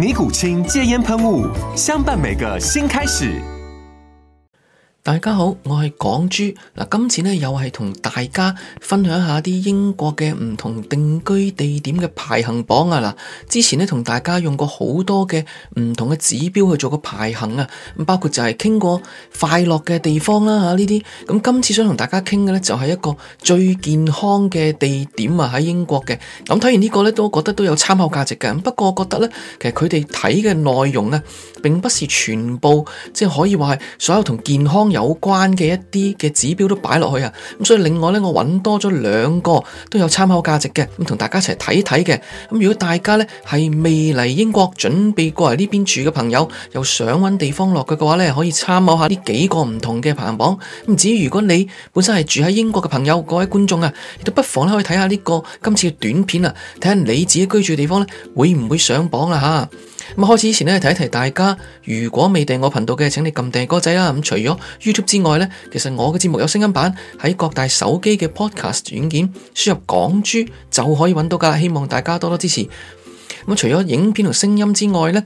尼古清戒煙噴霧，相伴每個新開始。大家好，我係港珠嗱，今次咧，又係同大家分享下啲英國嘅唔同定居地點嘅排行榜啊嗱，之前咧同大家用過好多嘅唔同嘅指標去做個排行啊，咁包括就係傾過快樂嘅地方啦吓，呢啲，咁今次想同大家傾嘅咧就係一個最健康嘅地點啊喺英國嘅，咁睇完這個呢個咧都覺得都有參考價值嘅，不過我覺得咧其實佢哋睇嘅內容咧，並不是全部即係、就是、可以話係所有同健康。有關嘅一啲嘅指標都擺落去啊，咁所以另外呢，我揾多咗兩個都有參考價值嘅，咁同大家一齊睇睇嘅。咁如果大家呢係未嚟英國準備過嚟呢邊住嘅朋友，又想揾地方落去嘅話呢，可以參考下呢幾個唔同嘅排行榜。咁至於如果你本身係住喺英國嘅朋友，各位觀眾啊，亦都不妨可以睇下呢個今次嘅短片啊，睇下你自己居住地方呢會唔會上榜啊吓。咁開始之前呢，提一提大家，如果未訂我頻道嘅，請你撳訂閱仔啦。咁除咗 YouTube 之外呢，其實我嘅節目有聲音版，喺各大手機嘅 Podcast 軟件輸入港珠就可以揾到㗎。希望大家多多支持。咁除咗影片同聲音之外呢，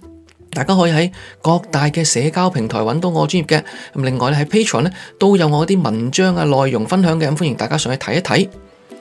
大家可以喺各大嘅社交平台揾到我專業嘅。咁另外咧喺 Patreon 呢，呢都有我啲文章呀、啊、內容分享嘅，咁歡迎大家上去睇一睇。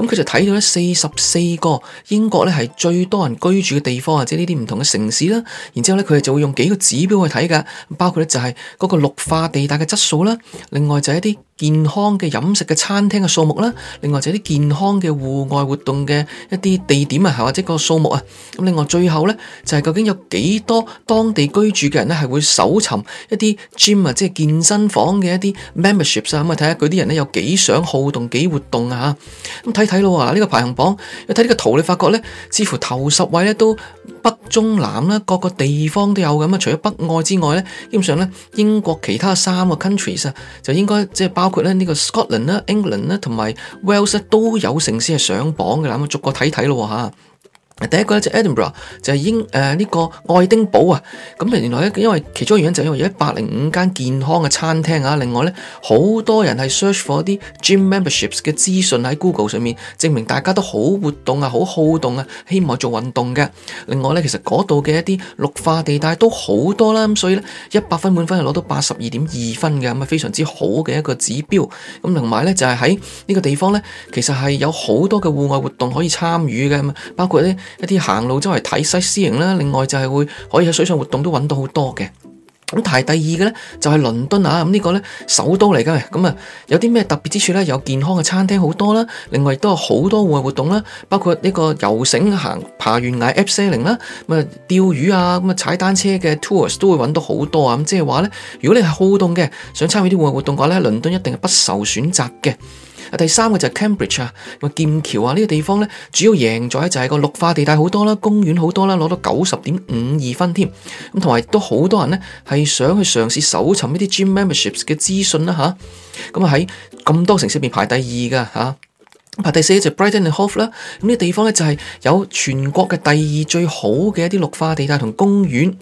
咁佢就睇到咧四十四個英國咧係，最多人居住嘅地方，或者即係呢啲唔同嘅城市啦。然之後咧，佢哋就會用幾個指標去睇嘅，包括咧就係嗰個綠化地帶嘅質素啦。另外就係一啲健康嘅飲食嘅餐廳嘅數目啦。另外就係一啲健康嘅戶外活動嘅一啲地點啊，或者個數目啊。咁另外最後咧就係究竟有幾多當地居住嘅人咧係會搜尋一啲 gym 啊，即係健身房嘅一啲 memberships 啊，咁啊睇下佢啲人咧有幾想好動幾活動啊嚇。咁睇。睇咯呢個排行榜，你睇呢個圖，你發覺咧，似乎頭十位咧都北中南啦，各個地方都有咁啊。除咗北愛之外咧，基本上咧英國其他三個 countries 啊，就應該即係包括咧呢個 Scotland 啦、England 啦同埋 Wales 咧都有城市係上榜嘅啦。咁啊，逐個睇睇咯吓。第一個咧就 Edinburgh，就係英誒呢、呃這個愛丁堡啊。咁原來咧，因為其中原因就係因為有一百零五間健康嘅餐廳啊。另外咧，好多人係 search for 啲 gym memberships 嘅資訊喺 Google 上面，證明大家都好活動啊、好好動啊，希望做運動嘅。另外咧，其實嗰度嘅一啲綠化地帶都好多啦。咁、嗯、所以咧，一百分滿分係攞到八十二點二分嘅咁啊，非常之好嘅一個指標。咁同埋咧，就係喺呢個地方咧，其實係有好多嘅戶外活動可以參與嘅咁啊，包括咧。一啲行路周圍睇西施營啦，另外就係會可以喺水上活動都揾到好多嘅。咁排第二嘅呢，就係、是、倫敦啊，咁、這、呢個呢，首都嚟㗎，咁啊有啲咩特別之處呢？有健康嘅餐廳好多啦，另外亦都有好多戶外活動啦，包括呢個游繩行爬懸崖 abseiling 啦，咁啊釣魚啊，咁啊踩單車嘅 tours 都會揾到好多啊。咁即係話呢，如果你係好動嘅，想參與啲戶外活動嘅話呢，倫敦一定係不愁選擇嘅。第三個就係 Cambridge 啊，劍橋啊呢個地方咧，主要贏在就係個綠化地帶好多啦，公園好多啦，攞到九十點五二分添。咁同埋都好多人咧係想去嘗試搜尋呢啲 gym memberships 嘅資訊啦吓，咁啊喺咁多城市入面排第二噶吓，排第四就 Brighton and Hove 啦。咁呢地方咧就係有全國嘅第二最好嘅一啲綠化地帶同公園。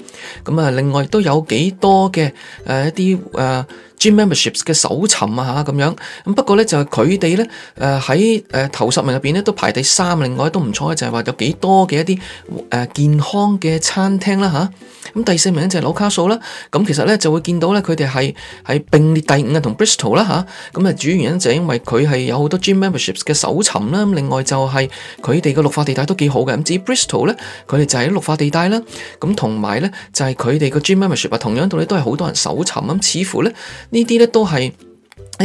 咁啊另外都有幾多嘅一啲誒。Gym memberships 嘅搜尋啊嚇咁樣，咁不過咧就係佢哋咧，誒喺誒頭十名入面咧都排第三，另外都唔錯嘅，就係、是、話有幾多嘅一啲誒健康嘅餐廳啦、啊、吓，咁、啊、第四名就係紐卡素啦，咁、啊、其實咧就會見到咧佢哋係喺並列第五啊同 Bristol 啦吓，咁啊主要原因就係因為佢係有好多 Gym memberships 嘅搜尋、啊、啦，另外就係佢哋嘅綠化地帶都幾好嘅。咁、啊、至於 Bristol 咧，佢哋就喺綠化地帶啦。咁、啊、同埋咧就係、是、佢哋嘅 Gym memberships 同樣道理都係好多人搜尋咁，似乎咧。呢啲咧都係。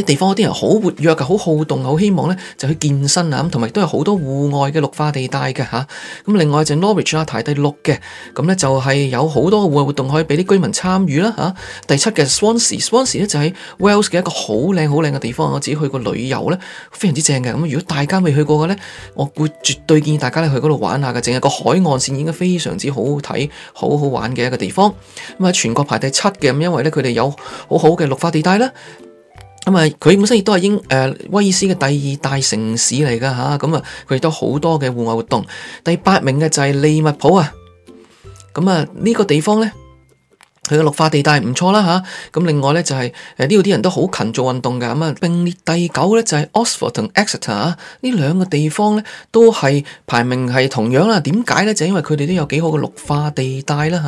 地方啲人好活躍噶，好好動好希望咧就去健身啊咁，同埋都有好多戶外嘅綠化地帶嘅嚇。咁、啊、另外就 Norwich 啊，排第六嘅，咁、啊、咧就係、是、有好多戶外活動可以俾啲居民參與啦嚇、啊。第七嘅 Swansea，Swansea 咧就喺、是、Wales 嘅一個好靚好靚嘅地方，我自己去過旅遊咧，非常之正嘅。咁、啊、如果大家未去過嘅咧，我會絕對建議大家去嗰度玩下嘅，淨係個海岸線應該非常之好睇，好好玩嘅一個地方。咁、啊、喺全國排第七嘅，咁、啊、因為咧佢哋有很好好嘅綠化地帶啦。咁、嗯、啊，佢本身亦都係英誒、呃、威爾斯嘅第二大城市嚟㗎，咁佢亦都好多嘅戶外活動。第八名嘅就係利物浦啊，咁啊，呢個地方呢？佢嘅綠化地帶唔錯啦嚇，咁另外咧就係誒呢度啲人都好勤做運動嘅，咁啊。並列第九咧就係 Oxford 同 Exeter 啊，呢兩個地方咧都係排名係同樣啦。點解咧？就係因為佢哋都有幾好嘅綠化地帶啦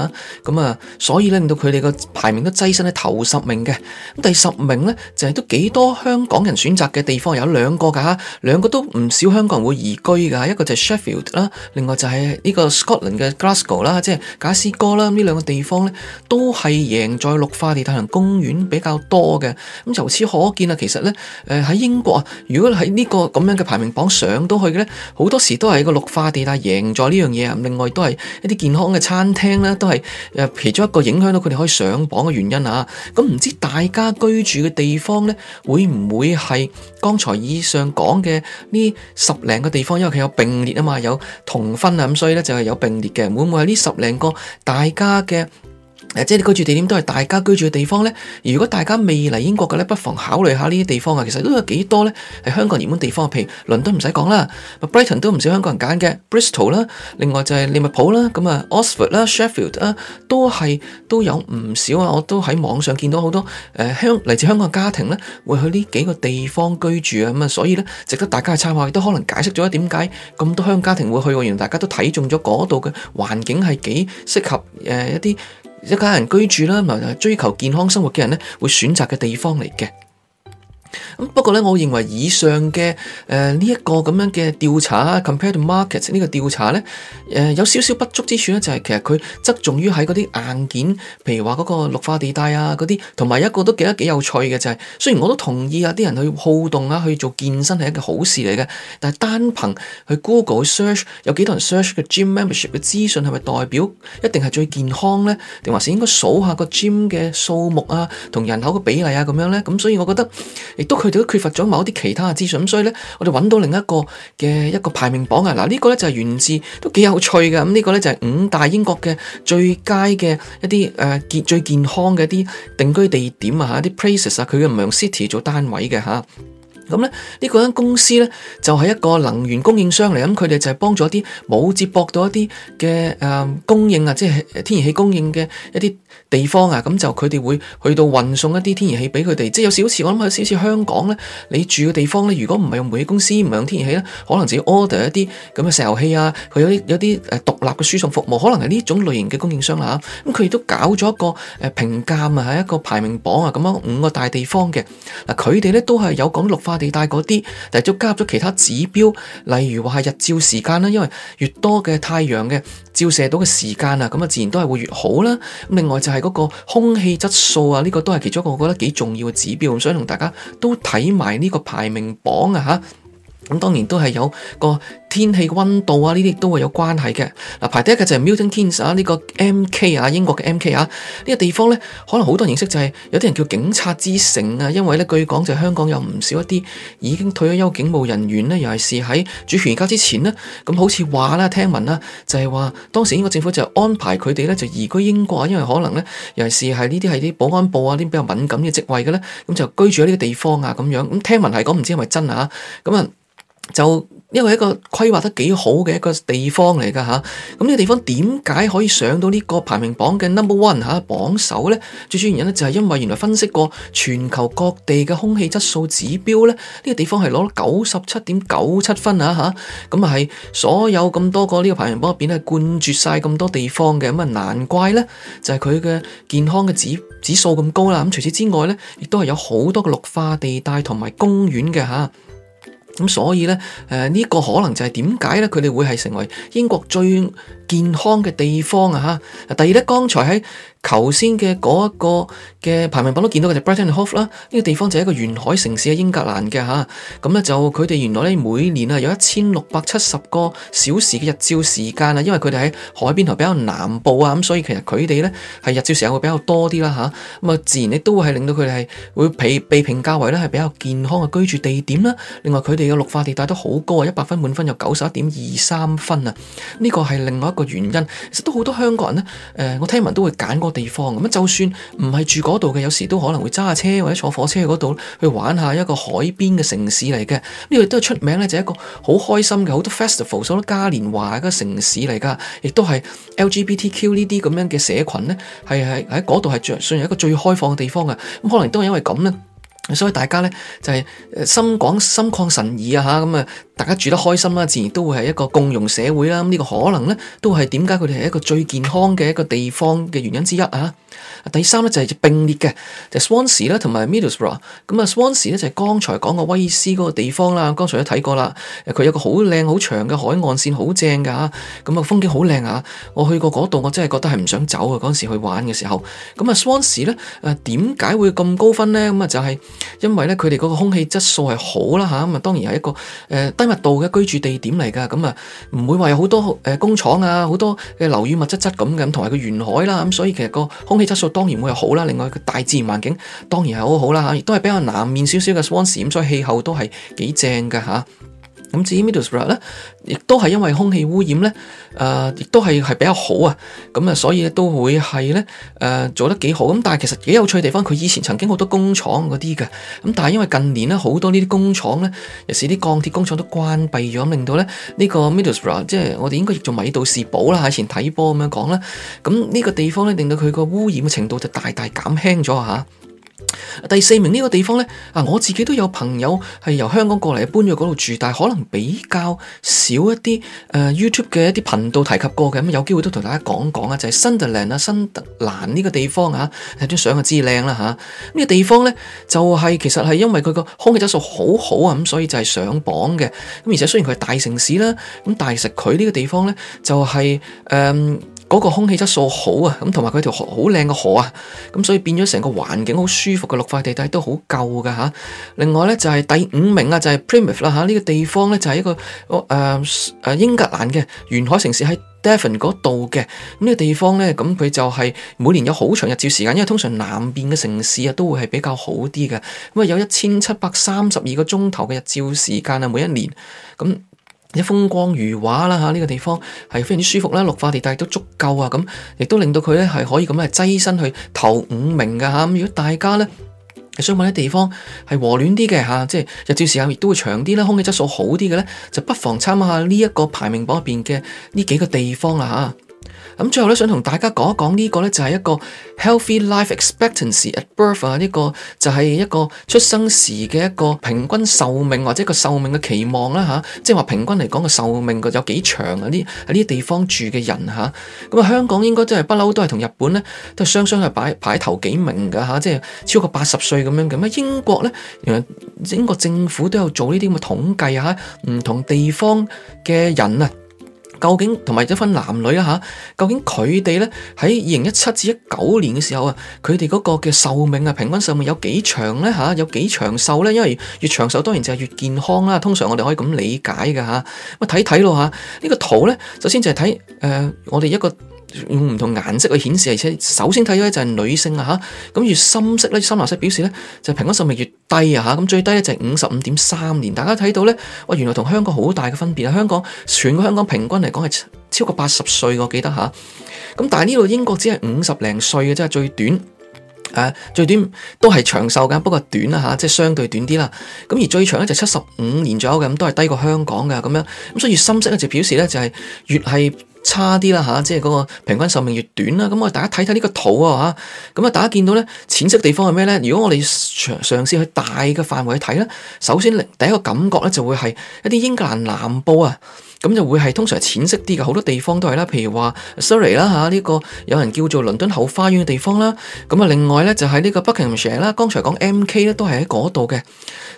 吓，咁啊，所以咧令到佢哋個排名都擠身喺頭十名嘅。咁第十名咧就係都幾多香港人選擇嘅地方，有兩個㗎，兩個都唔少香港人會移居㗎。一個就係 Sheffield 啦，另外就係呢個 Scotland 嘅 Glasgow 啦，即係格拉斯哥啦。呢兩個地方咧都～都係贏在綠化地帶同公園比較多嘅，咁由此可見啊，其實呢誒喺、呃、英國啊，如果喺呢個咁樣嘅排名榜上到去嘅呢，好多時都係一個綠化地帶贏在呢樣嘢啊。另外都係一啲健康嘅餐廳呢，都係誒其中一個影響到佢哋可以上榜嘅原因啊。咁唔知大家居住嘅地方呢，會唔會係剛才以上講嘅呢十零個地方？因為佢有並列啊嘛，有同分啊，咁所以呢，就係有並列嘅。會唔會係呢十零個大家嘅？誒，即係你居住地點都係大家居住嘅地方咧。如果大家未嚟英國嘅咧，不妨考慮一下呢啲地方啊。其實都有幾多咧，係香港熱門地方。譬如倫敦唔使講啦，Brighton 都唔少香港人揀嘅，Bristol 啦，另外就係利物浦啦，咁啊 Oxford 啦，Sheffield 啦，都係都有唔少啊。我都喺網上見到好多誒香嚟自香港嘅家庭咧，會去呢幾個地方居住啊。咁啊，所以咧，值得大家去參考，亦都可能解釋咗點解咁多香港家庭會去嘅，原來大家都睇中咗嗰度嘅環境係幾適合誒、呃、一啲。一家人居住啦，或者追求健康生活嘅人咧，會選擇嘅地方嚟嘅。咁不過呢，我認為以上嘅誒呢一個咁樣嘅調查啊，Compare the Market 呢個調查呢，誒、呃、有少少不足之處呢就係、是、其實佢側重於喺嗰啲硬件，譬如話嗰個綠化地帶啊，嗰啲同埋一個都幾得幾有趣嘅就係、是，雖然我都同意啊，啲人去好動啊，去做健身係一件好事嚟嘅，但係單憑去 Google search 有幾多人 search 嘅 gym membership 嘅資訊係咪代表一定係最健康呢？定還是應該數下個 gym 嘅數目啊，同人口嘅比例啊咁樣呢？咁所以我覺得。都佢哋都缺乏咗某一啲其他嘅資訊，所以咧，我哋揾到另一個嘅一個排名榜啊！嗱，呢個咧就係源自都幾有趣嘅，咁、這、呢個咧就係五大英國嘅最佳嘅一啲健最健康嘅一啲定居地點啊！嚇，啲 places 啊，佢嘅唔係用 city 做單位嘅，咁咧呢、這個間公司咧就係一個能源供應商嚟，咁佢哋就係幫咗啲冇接博到一啲嘅供應啊，即係天然氣供應嘅一啲。地方啊，咁就佢哋會去到運送一啲天然氣俾佢哋，即係有少少似我諗，有少少似香港呢。你住嘅地方呢，如果唔係用煤氣公司，唔係用天然氣呢，可能自己 order 一啲咁嘅石油氣啊，佢有啲有啲獨立嘅輸送服務，可能係呢種類型嘅供應商啦、啊。咁佢亦都搞咗一個誒評價啊，係一個排名榜啊，咁樣五個大地方嘅嗱，佢哋呢都係有講綠化地帶嗰啲，但係就加入咗其他指標，例如話係日照時間啦、啊，因為越多嘅太陽嘅照射到嘅時間啊，咁啊自然都係會越好啦、啊。咁另外就係、是。係嗰個空氣質素啊，呢個都係其中一個我覺得幾重要嘅指標，所以同大家都睇埋呢個排名榜啊，吓。咁當然都係有個天氣、溫度啊，呢啲都會有關係嘅。嗱，排第一嘅就係 Milton Keynes 啊，呢個 MK 啊，英國嘅 MK 啊，呢個地方呢，可能好多人認識就係有啲人叫警察之城啊，因為呢，據講就係香港有唔少一啲已經退咗休警務人員呢，尤其是喺主權移交之前呢。咁好似話啦，聽聞啦，就係話當時英國政府就安排佢哋呢就移居英國啊，因為可能呢，尤其是係呢啲係啲保安部啊啲比較敏感嘅職位嘅呢，咁就居住喺呢個地方啊咁樣。咁聽聞係講，唔知係咪真啊？咁啊～就因為一個規劃得幾好嘅一個地方嚟噶吓，咁呢個地方點解可以上到呢個排名榜嘅 number one 吓榜首咧？最主要原因咧就係因為原來分析過全球各地嘅空氣質素指標咧，呢個地方係攞咗九十七點九七分啊吓，咁啊係所有咁多個呢個排名榜入邊咧係冠絕晒咁多地方嘅，咁啊難怪咧就係佢嘅健康嘅指指數咁高啦。咁除此之外咧，亦都係有好多嘅綠化地帶同埋公園嘅吓。咁所以呢，呢、呃呢個可能就係點解咧，佢哋會係成為英國最健康嘅地方啊！第二咧，剛才喺。頭先嘅嗰一個嘅排名榜都見到嘅就 Brighton and Hove 啦，呢個地方就係一個沿海城市嘅英格蘭嘅嚇，咁咧就佢哋原來咧每年啊有一千六百七十個小時嘅日照時間啊，因為佢哋喺海邊頭比較南部啊，咁所以其實佢哋咧係日照時間會比較多啲啦嚇，咁啊自然亦都會係令到佢哋係會被被評價為咧係比較健康嘅居住地點啦。另外佢哋嘅綠化地帶都好高啊，一百分滿分有九十一點二三分啊，呢個係另外一個原因。其實都好多香港人咧，誒我聽聞都會揀個。地方，咁就算唔係住嗰度嘅，有時都可能會揸車或者坐火車去嗰度去玩下一個海邊嘅城市嚟嘅。呢度都係出名呢就係一個好開心嘅好多 festival，好多嘉年華嘅城市嚟噶，亦都係 LGBTQ 呢啲咁樣嘅社群呢係係喺嗰度係算係一個最開放嘅地方嘅。咁可能都係因為咁呢。所以大家呢，就係心廣心曠神怡啊吓咁啊，大家住得開心啦，自然都會係一個共融社會啦。咁、這、呢個可能呢，都係點解佢哋係一個最健康嘅一個地方嘅原因之一啊。第三呢，就係並列嘅，就 Swansea 啦，同埋 Middlesbrough。咁啊 Swansea 咧就係剛才講個威斯嗰個地方啦，剛才都睇過啦。佢有個好靚好長嘅海岸線，好正噶。咁啊，風景好靚啊。我去過嗰度，我真係覺得係唔想走啊。嗰時去玩嘅時候，咁啊，Swansea 咧誒，點解會咁高分呢？咁啊，就係、是。因為咧，佢哋嗰個空氣質素係好啦吓，咁啊當然係一個誒低密度嘅居住地點嚟噶，咁啊唔會話有好多誒工廠啊，好多嘅樓宇物質質咁嘅，同埋個沿海啦，咁所以其實個空氣質素當然會係好啦，另外個大自然環境當然係好好啦吓，亦都係比較南面少少嘅 Swansea，所以氣候都係幾正噶吓。咁至於 m i d d l e s b r o u 咧，亦都係因為空氣污染咧，誒、呃，亦都係係比較好啊。咁啊，所以咧都會係咧誒做得幾好。咁但係其實幾有趣嘅地方，佢以前曾經好多工廠嗰啲嘅。咁但係因為近年咧，好多呢啲工廠咧，尤其是啲鋼鐵工廠都關閉咗，令到咧呢個 m i d d l e s b r o u 即係我哋應該亦做米道士堡啦，喺前睇波咁樣講啦。咁呢個地方咧，令到佢個污染嘅程度就大大減輕咗嚇。啊。第四名呢個地方呢，啊我自己都有朋友係由香港過嚟搬咗嗰度住，但係可能比較少一啲誒 YouTube 嘅一啲頻道提及過嘅，咁有機會都同大家講講啊，就係、是、新特蘭啊，新特蘭呢個地方啊，睇張相就知靚啦吓，呢、啊這個地方呢，就係、是、其實係因為佢個空氣質素好好啊，咁所以就係上榜嘅，咁而且雖然佢係大城市啦，咁但係佢呢個地方呢，就係、是、誒。嗯嗰、那個空氣質素好啊，咁同埋佢條河好靚嘅河啊，咁所以變咗成個環境好舒服嘅綠化地帶都好夠噶。另外咧就係、是、第五名啊，就係、是、Plymouth 啦，呢個地方咧就係一個誒、呃、英格蘭嘅沿海城市喺 Devon 嗰度嘅。咁、這、呢個地方咧，咁佢就係每年有好長日照時間，因為通常南邊嘅城市啊都會係比較好啲嘅。咁啊有一千七百三十二個鐘頭嘅日照時間啊，每一年咁。一風光如畫啦嚇，呢個地方係非常之舒服啦，綠化地帶都足夠啊，咁亦都令到佢咧係可以咁樣擠身去頭五名嘅嚇。咁如果大家咧想揾啲地方係和暖啲嘅嚇，即係日照時間亦都會長啲啦，空氣質素好啲嘅咧，就不妨參考下呢一個排名榜入邊嘅呢幾個地方啦嚇。咁最後咧，想同大家講一講呢個咧，就係一個 healthy life expectancy at birth 啊，呢個就係一個出生時嘅一個平均壽命或者個壽命嘅期望啦吓，即係話平均嚟講個壽命有幾長啊？呢喺呢啲地方住嘅人吓。咁啊，香港應該真係不嬲，都係同日本咧都係雙雙係擺排頭幾名噶吓，即係超過八十歲咁樣嘅。咁英國咧，原來英國政府都有做呢啲咁嘅統計吓，唔同地方嘅人啊。究竟同埋一分男女啊吓，究竟佢哋咧喺二零一七至一九年嘅時候啊，佢哋嗰個嘅壽命啊，平均壽命有幾長咧吓，有幾長壽咧？因為越長壽當然就係越健康啦，通常我哋可以咁理解嘅吓。咁啊睇睇咯吓，呢個圖咧，首先就係睇誒我哋一個。用唔同顏色去顯示，而且首先睇咧就係女性啊吓，咁越深色咧深藍色表示咧就平均壽命越低啊吓，咁最低咧就係五十五點三年，大家睇到咧，哇原來同香港好大嘅分別啊！香港全個香港平均嚟講係超過八十歲我記得吓，咁但係呢度英國只係五十零歲嘅，即係最短，最短都係長壽噶，不過短啦吓，即係相對短啲啦。咁而最長咧就七十五年左右嘅，咁都係低過香港嘅咁樣，咁所以越深色咧就表示咧就係越係。差啲啦嚇，即係嗰個平均壽命越短啦。咁我哋大家睇睇呢個圖啊嚇，咁啊大家見到咧淺色地方係咩咧？如果我哋嘗試去大嘅範圍去睇咧，首先第一個感覺咧就，就會係一啲英格蘭南部啊，咁就會係通常係淺色啲嘅，好多地方都係啦。譬如話 Surrey 啦嚇，呢個有人叫做倫敦後花園嘅地方啦。咁啊另外咧就係呢個 Buckinghamshire 啦，剛才講 MK 咧都係喺嗰度嘅。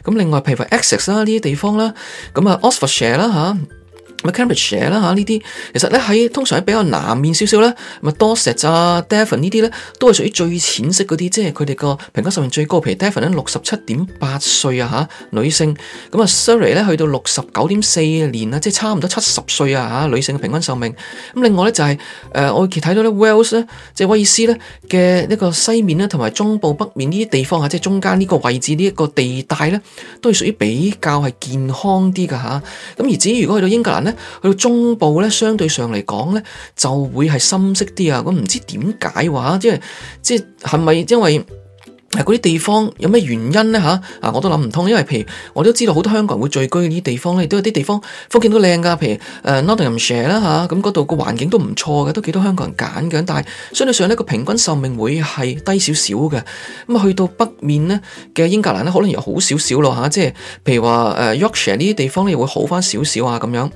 咁另外譬如話 Essex 啦呢啲地方啦，咁啊 Oxfordshire 啦嚇咪 Cambridgeshire 啦嚇，呢啲其實咧喺通常喺比較南面少少啦。咧，咪 Dorset 啊，Devon 呢啲咧都係屬於最淺色嗰啲，即係佢哋個平均壽命最高。譬如 Devon 咧六十七點八歲啊吓女性咁啊，Surrey 咧去到六十九點四年啊，即係差唔多七十歲啊吓女性嘅平均壽命。咁另外咧就係、是、誒，我哋睇到咧 Wales 咧，即係威爾斯咧嘅呢個西面咧，同埋中部北面呢啲地方啊，即、就、係、是、中間呢個位置呢一、這個地帶咧，都係屬於比較係健康啲嘅吓，咁而至於如果去到英格蘭去到中部咧，相對上嚟講咧，就會係深色啲啊。咁唔知點解話，即係，即係係咪因為？嗰啲地方有咩原因呢？啊，我都諗唔通，因為譬如我都知道好多香港人會聚居啲地方咧，都有啲地方風景都靚噶，譬如誒 Nottinghamshire 啦嚇，咁嗰度個環境都唔錯嘅，都幾多香港人揀嘅，但係相對上咧，個平均壽命會係低少少嘅。咁啊，去到北面咧嘅英格蘭咧，可能又好少少咯吓，即係譬如話誒 Yorkshire 呢啲地方咧，會好翻少少啊咁樣。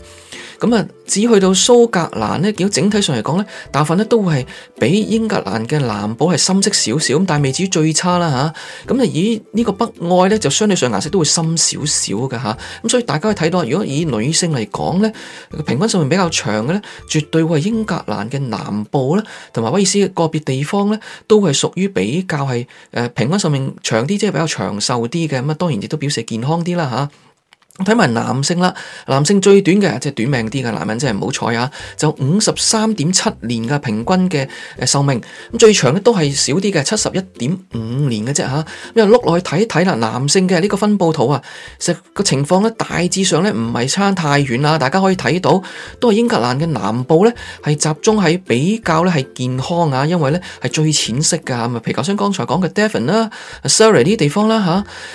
咁啊，只去到蘇格蘭呢，見到整體上嚟講呢，大部分呢都係比英格蘭嘅南部係深色少少，但未至於最差啦吓。咁啊，以呢個北愛呢，就相對上顏色都會深少少嘅吓。咁所以大家可以睇到，如果以女性嚟講呢，平均壽命比較長嘅呢，絕對會係英格蘭嘅南部呢，同埋威爾斯嘅個別地方呢，都係屬於比較係誒平均壽命長啲，即係比較長壽啲嘅。咁啊，當然亦都表示健康啲啦吓。睇埋男性啦，男性最短嘅即係短命啲嘅男人，真係唔好彩啊！就五十三點七年嘅平均嘅壽命，咁最長咧都係少啲嘅，七十一點五年嘅啫吓。咁啊，碌落去睇睇啦，男性嘅呢個分布圖啊，實個情況咧大致上咧唔係差太遠啦。大家可以睇到，都係英格蘭嘅南部咧係集中喺比較咧係健康啊，因為咧係最淺色噶，譬如頭先剛才講嘅 Devon 啦、Surrey 呢啲地方啦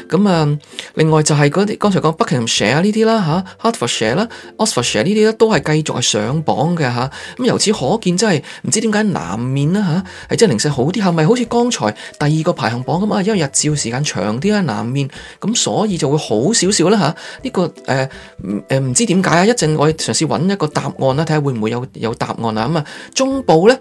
吓。咁啊，另外就係嗰啲剛才講北蛇啊呢啲啦吓，Hartford 蛇啦，Oxford 蛇呢啲咧都係繼續係上榜嘅吓。咁由此可見真係唔知點解南面啦吓係真係零舍好啲，係咪好似剛才第二個排行榜咁啊？因為日照時間長啲啊，南面咁，所以就會好少少啦吓。呢、這個誒誒唔知點解啊？一陣我嘗試搵一個答案啦，睇下會唔會有有答案啊？咁啊中部咧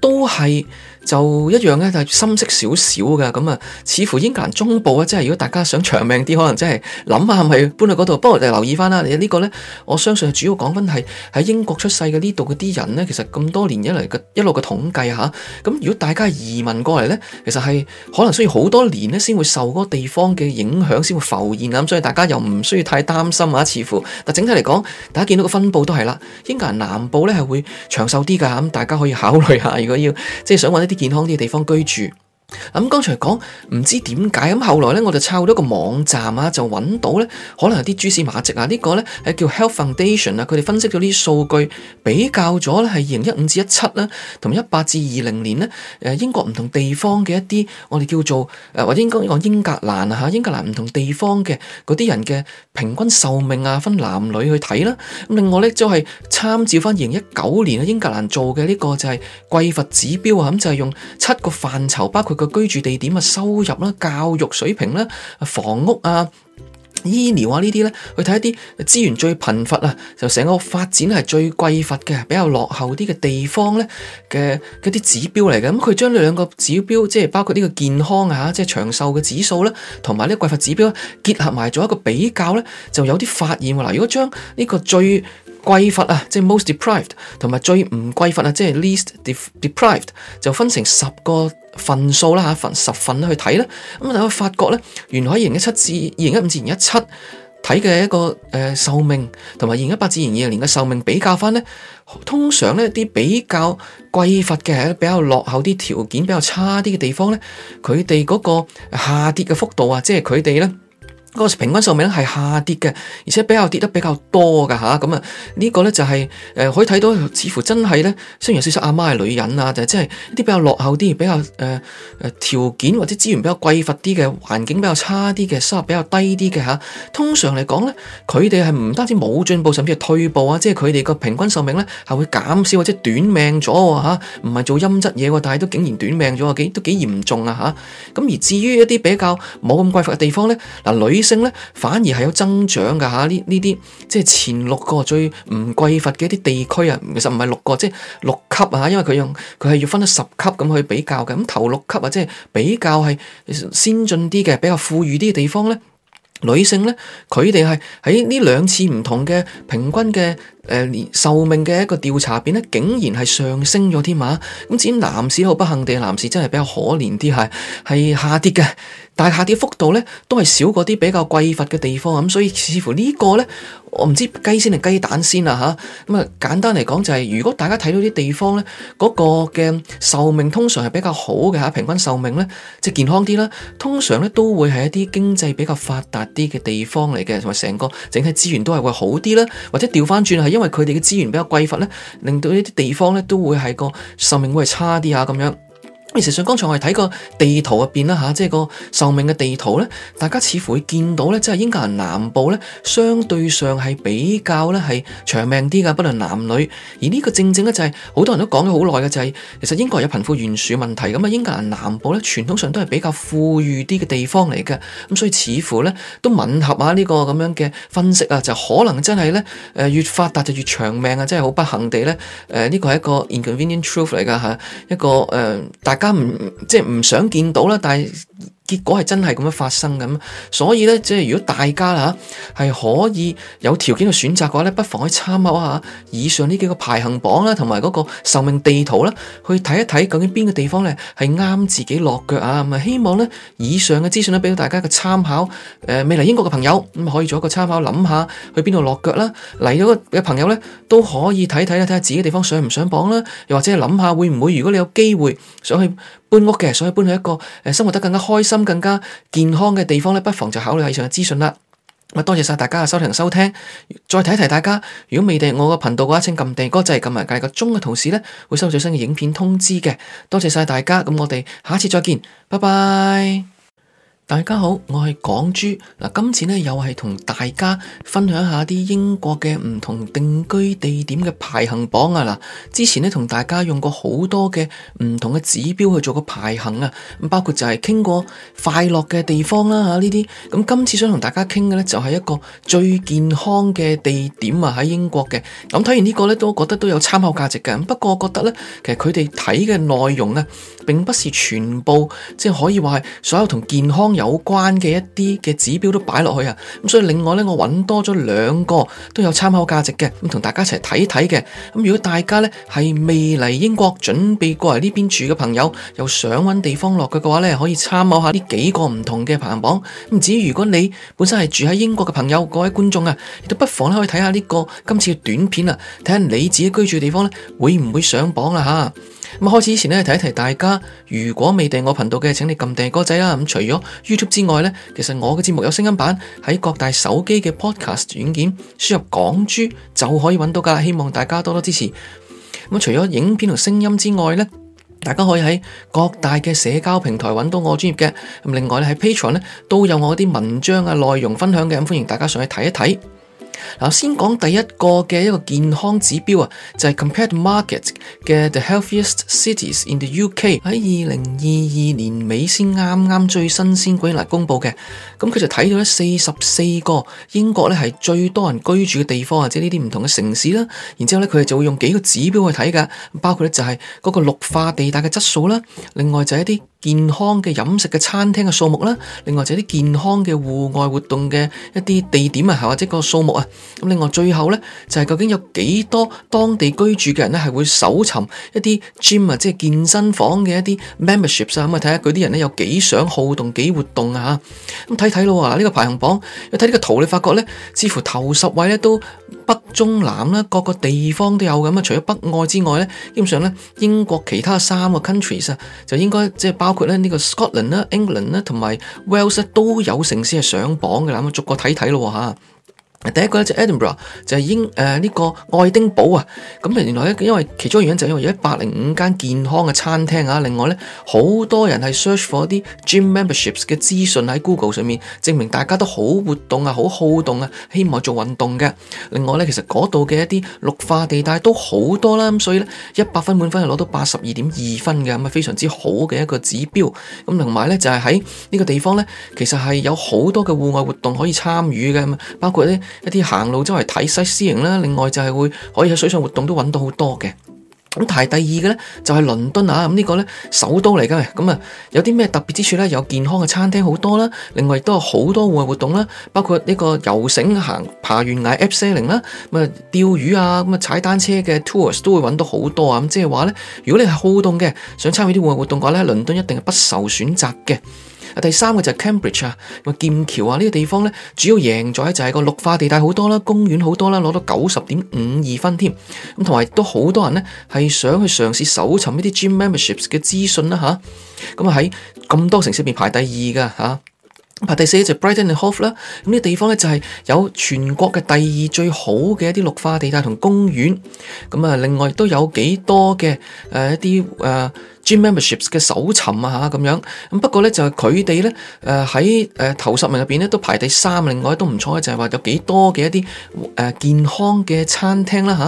都係。就一樣呢就係、深色少少嘅咁啊，似乎英格蘭中部啊，即係如果大家想長命啲，可能真係諗下係咪搬去嗰度。不過就留意翻啦，呢、呢個呢，我相信係主要講翻係喺英國出世嘅呢度嘅啲人呢。其實咁多年以嚟嘅一路嘅統計吓。咁、啊、如果大家移民過嚟呢，其實係可能需要好多年呢先會受嗰個地方嘅影響先會浮現啊。咁所以大家又唔需要太擔心啊。似乎但整體嚟講，大家見到個分布都係啦，英格蘭南部呢係會長壽啲㗎，咁，大家可以考慮下，如果要即係想揾一啲健康啲嘅地方居住。咁剛才講唔知點解，咁後來咧，我就抄到個網站啊，就揾到咧可能有啲蛛絲馬迹啊呢、這個咧，係叫 Health Foundation 啊，佢哋分析咗啲數據，比較咗咧，係二零一五至一七啦，同一八至二零年咧，誒英國唔同地方嘅一啲我哋叫做誒，或者應該講英格蘭啊吓，英格蘭唔同地方嘅嗰啲人嘅平均壽命啊，分男女去睇啦。咁另外咧，就係參照翻二零一九年英格蘭做嘅呢個就係匱乏指標啊，咁就係、是、用七個範疇包括。個居住地點嘅收入啦、教育水平啦、房屋啊、醫療啊呢啲咧，去睇一啲資源最貧乏啊，就成個發展係最匱乏嘅，比較落後啲嘅地方咧嘅嗰啲指標嚟嘅。咁佢將呢兩個指標，即係包括呢個健康啊，即係長壽嘅指數咧，同埋呢個匱乏指標結合埋，做一個比較咧，就有啲發現。嗱，如果將呢個最匱乏啊，即係 most deprived，同埋最唔匱乏啊，即係 least deprived，就分成十個份數啦，嚇，份十份去睇啦。咁你會發覺咧，原來二零一七至二零一五至二零一七睇嘅一個誒壽命，同埋二零一八至二零二零年嘅壽命比較翻咧，通常咧啲比較匱乏嘅，比較落後啲條件比較差啲嘅地方咧，佢哋嗰個下跌嘅幅度啊，即係佢哋咧。個平均壽命咧係下跌嘅，而且比較跌得比較多噶吓，咁啊呢個咧就係、是、誒、呃、可以睇到，似乎真係咧，雖然有少少阿媽係女人啊，就係即係一啲比較落後啲、比較誒誒條件或者資源比較匱乏啲嘅環境比較差啲嘅收入比較低啲嘅吓，通常嚟講咧，佢哋係唔單止冇進步，甚至係退步啊，即係佢哋個平均壽命咧係會減少或者短命咗吓，唔、啊、係做陰質嘢喎，但係都竟然短命咗，幾都幾嚴重啊吓，咁、啊、而至於一啲比較冇咁匱乏嘅地方咧，嗱、啊、女。反而係有增長噶吓，呢呢啲即係前六個最唔匱乏嘅一啲地區啊，其實唔係六個，即係六級啊，因為佢佢係要分咗十級咁去比較嘅，咁頭六級啊，即係比較係先進啲嘅，比較富裕啲嘅地方咧，女性咧，佢哋係喺呢兩次唔同嘅平均嘅誒、呃、壽命嘅一個調查入邊咧，竟然係上升咗添啊！咁至於男士好不幸地，男士真係比較可憐啲吓，係下跌嘅。但下跌幅度呢都係少過啲比較匱乏嘅地方咁，所以似乎呢個呢，我唔知雞先定雞蛋先啊吓咁啊，簡單嚟講就係、是，如果大家睇到啲地方呢，嗰、那個嘅壽命通常係比較好嘅吓，平均壽命呢，即、就是、健康啲啦。通常呢都會係一啲經濟比較發達啲嘅地方嚟嘅，同埋成個整體資源都係會好啲啦。或者調翻轉係因為佢哋嘅資源比較匱乏呢，令到呢啲地方呢都會係個壽命會係差啲嚇咁樣。其實上剛才我哋睇過地圖入面啦，即係個壽命嘅地圖呢，大家似乎會見到呢，即係英格蘭南部呢，相對上係比較呢，係長命啲㗎，不論男女。而呢個正正呢、就係，就係好多人都講咗好耐嘅就係、係，其實英國有貧富懸殊問題咁啊，英格蘭南部呢，傳統上都係比較富裕啲嘅地方嚟嘅，咁所以似乎呢，都吻合下呢個咁樣嘅分析啊，就可能真係呢，越發達就越長命啊，真係好不幸地呢，呢、呃這個係一個 inconvenient truth 嚟㗎吓，一個、呃大家唔即係唔想見到啦，但係。結果係真係咁樣發生咁，所以呢，即係如果大家啦吓係可以有條件去選擇嘅話呢，不妨去參考下以上呢幾個排行榜啦，同埋嗰個壽命地圖啦，去睇一睇究竟邊個地方呢係啱自己落腳啊！咁啊，希望呢以上嘅資訊呢俾到大家嘅參考。誒，未嚟英國嘅朋友咁可以做一個參考，諗下去邊度落腳啦。嚟咗嘅朋友呢，都可以睇睇啦，睇下自己嘅地方上唔上榜啦，又或者諗下會唔會如果你有機會想去。搬屋嘅，所以搬去一個誒，生活得更加開心、更加健康嘅地方咧，不妨就考慮下以上嘅資訊啦。咁啊，多謝晒大家嘅收聽收聽。再提一提大家，如果未訂閱我嘅頻道嘅話，請撳訂閱嗰個掣，撳埋介個鐘嘅同時咧，會收到最新嘅影片通知嘅。多謝晒大家，咁我哋下次再見，拜拜。大家好，我係港珠嗱，今次呢又係同大家分享下啲英國嘅唔同定居地點嘅排行榜啊嗱，之前呢，同大家用過好多嘅唔同嘅指標去做個排行啊，包括就係傾過快樂嘅地方啦吓呢啲，咁今次想同大家傾嘅呢，就係一個最健康嘅地點啊喺英國嘅，咁睇完呢個呢，都覺得都有參考價值嘅，不過我覺得呢，其實佢哋睇嘅內容呢，並不是全部即係、就是、可以話係所有同健康，有關嘅一啲嘅指標都擺落去啊，咁所以另外呢，我搵多咗兩個都有參考價值嘅，咁同大家一齊睇睇嘅。咁如果大家呢係未嚟英國準備過嚟呢邊住嘅朋友，又想搵地方落去嘅話呢，可以參考下呢幾個唔同嘅排行榜。咁至於如果你本身係住喺英國嘅朋友，各位觀眾啊，亦都不妨可以睇下呢個今次嘅短片啊，睇下你自己居住嘅地方呢會唔會上榜啊吓。咁開始之前提一提大家，如果未訂我頻道嘅，請你撳訂閱嗰個掣啦。咁除咗 YouTube 之外呢，其實我嘅節目有聲音版，喺各大手機嘅 Podcast 軟件輸入港珠就可以揾到噶。希望大家多多支持。咁除咗影片同聲音之外呢，大家可以喺各大嘅社交平台揾到我專業嘅。咁另外喺 Patreon 呢，都有我啲文章啊、內容分享嘅，咁歡迎大家上去睇一睇。嗱，先講第一個嘅一個健康指標啊，就係 Compare the Market 嘅 The Healthiest Cities in the UK 喺二零二二年尾先啱啱最新鮮歸嚟公布嘅，咁佢就睇到咧四十四個英國咧係最多人居住嘅地方或者呢啲唔同嘅城市啦，然之後咧佢哋就會用幾個指標去睇㗎，包括咧就係嗰個綠化地帶嘅質素啦，另外就係一啲。健康嘅飲食嘅餐廳嘅數目啦，另外就啲健康嘅戶外活動嘅一啲地點啊，係或者個數目啊。咁另外最後咧，就係究竟有幾多當地居住嘅人咧，係會搜尋一啲 gym 啊，即係健身房嘅一啲 memberships 啊。咁啊睇下嗰啲人咧有幾想好動幾活動啊。咁睇睇咯啊，呢個排行榜，睇呢個圖你發覺咧，似乎頭十位咧都，北中南啦，各個地方都有嘅咁啊。除咗北愛之外咧，基本上咧，英國其他三個 countries 啊，就應該即係包括咧呢個 Scotland 啦、England 啦同埋 Wales 都有城市係上榜嘅啦。咁啊，逐個睇睇咯吓。第一個呢，就 Edinburgh，就係英誒呢個愛丁堡啊，咁原來呢，因為其中原因就係因為有一百零五間健康嘅餐廳啊，另外呢，好多人係 search for 啲 gym memberships 嘅資訊喺 Google 上面，證明大家都好活動啊，好好動啊，希望做運動嘅。另外呢，其實嗰度嘅一啲綠化地帶都好多啦，咁、嗯、所以呢，一百分滿分係攞到八十二點二分嘅，咁啊非常之好嘅一個指標。咁同埋呢，就係喺呢個地方呢，其實係有好多嘅戶外活動可以參與嘅，包括呢。一啲行路周圍睇西施型啦，另外就係會可以喺水上活動都揾到好多嘅。咁但係第二嘅呢，就係、是、倫敦啊，咁、這、呢個呢，首都嚟㗎，咁啊有啲咩特別之處呢？有健康嘅餐廳好多啦，另外亦都有好多戶外活動啦，包括呢個游繩行爬懸崖 abseiling 啦、啊，咁啊釣魚啊，咁啊踩單車嘅 tours 都會揾到好多啊。咁即係話呢，如果你係好動嘅，想參與啲戶外活動嘅話呢，倫敦一定係不愁選擇嘅。第三個就係 Cambridge 啊，劍橋啊呢個地方咧，主要贏在就係個綠化地帶好多啦，公園好多啦，攞到九十點五二分添。咁同埋都好多人咧係想去嘗試搜尋呢啲 Gym memberships 嘅資訊啦吓，咁啊喺咁多城市入面排第二噶吓，排第四個就 Brighton and Hove 啦。咁呢個地方咧就係有全國嘅第二最好嘅一啲綠化地帶同公園。咁啊另外都有幾多嘅一啲誒，Gym memberships 嘅搜尋啊嚇咁樣，咁不過咧就係佢哋咧，誒喺誒頭十名入面咧都排第三，另外都唔錯嘅，就係、是、話有幾多嘅一啲誒健康嘅餐廳啦嚇。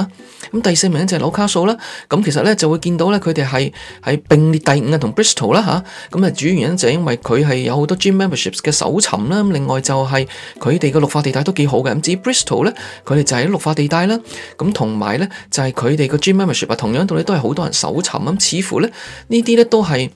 咁、嗯、第四名咧就係紐卡素啦，咁、嗯、其實咧就會見到咧佢哋係喺並列第五啊同 Bristol 啦嚇。咁、嗯、啊主要原因就係因為佢係有好多 Gym memberships 嘅搜尋、啊、啦，另外就係佢哋嘅綠化地帶都幾好嘅。咁至於 Bristol 咧，佢哋就係啲綠化地帶啦。咁、嗯、同埋咧就係、是、佢哋嘅 Gym memberships，同樣道理都係好多人搜尋，咁似乎咧。呢啲咧都係，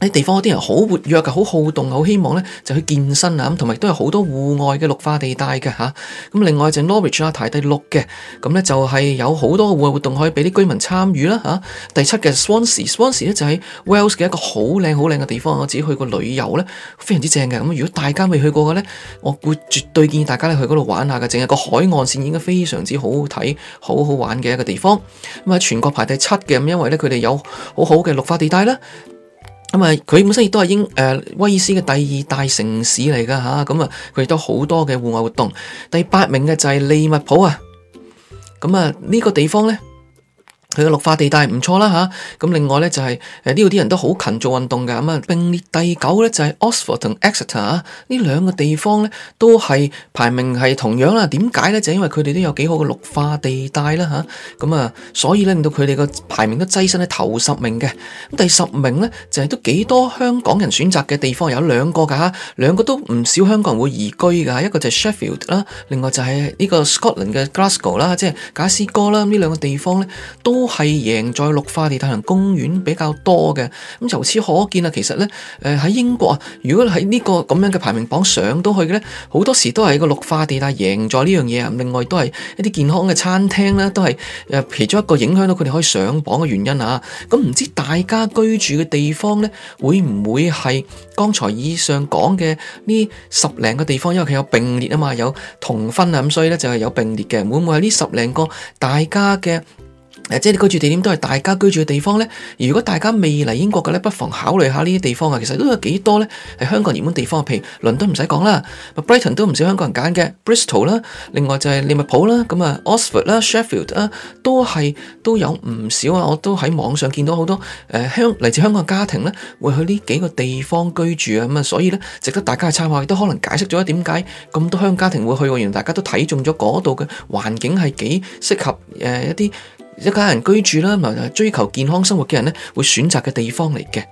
啲地方嗰啲人好活躍嘅，好好動，好希望咧就去健身啊咁，同埋都有好多戶外嘅綠化地帶嘅咁、啊、另外就係 Norwich 啊排第六嘅，咁、啊、咧就係、是、有好多戶外活動可以俾啲居民參與啦、啊、第七嘅 Swansea Swansea 咧就喺、是、Wales 嘅一個好靚好靚嘅地方，我自己去過旅遊咧非常之正嘅。咁、啊、如果大家未去過嘅咧，我會絕對建議大家去嗰度玩下嘅，淨係個海岸線應該非常之好睇，好好玩嘅一個地方。咁、啊、喺全國排第七嘅，咁、啊、因為咧佢哋有好好嘅綠化地帶啦。.咁、嗯、佢本身亦都係英誒、呃、威爾斯嘅第二大城市嚟㗎，咁佢亦都好多嘅戶外活動。第八名嘅就係利物浦啊，咁啊呢個地方呢？佢嘅綠化地帶唔錯啦吓，咁另外咧就係呢度啲人都好勤做運動㗎咁啊。並列第九咧就係 Oxford 同 Exeter 啊，呢兩個地方咧都係排名係同樣啦。點解咧？就係因為佢哋都有幾好嘅綠化地帶啦吓，咁啊，所以咧令到佢哋個排名都擠身喺頭十名嘅。咁第十名咧就係都幾多香港人選擇嘅地方有兩個㗎，兩個都唔少香港人會移居㗎。一個就係 Sheffield 啦，另外就係呢個 Scotland 嘅 Glasgow 啦，即係格拉斯哥啦。呢兩個地方咧都，都係贏在綠化地，大型公園比較多嘅。咁由此可見啊，其實呢誒喺英國啊，如果喺呢個咁樣嘅排名榜上到去嘅呢，好多時都係個綠化地帶贏在呢樣嘢啊。另外都係一啲健康嘅餐廳啦，都係誒其中一個影響到佢哋可以上榜嘅原因啊。咁唔知大家居住嘅地方呢，會唔會係剛才以上講嘅呢十零個地方？因為佢有並列啊嘛，有同分啊，咁所以呢，就係有並列嘅，會唔會係呢十零個大家嘅？誒，即係你居住地點都係大家居住嘅地方咧。如果大家未嚟英國嘅咧，不妨考慮一下呢啲地方啊。其實都有幾多咧？係香港熱門地方，譬如倫敦唔使講啦，Brighton 都唔少香港人揀嘅，Bristol 啦，另外就係利物浦啦，咁啊 Oxford 啦，Sheffield 啦，都係都有唔少啊。我都喺網上見到好多誒香嚟自香港嘅家庭咧，會去呢幾個地方居住啊。咁啊，所以咧，值得大家去參考，亦都可能解釋咗點解咁多香港家庭會去，原來大家都睇中咗嗰度嘅環境係幾適合誒、呃、一啲。一家人居住啦，咪追求健康生活嘅人咧，會選擇嘅地方嚟嘅。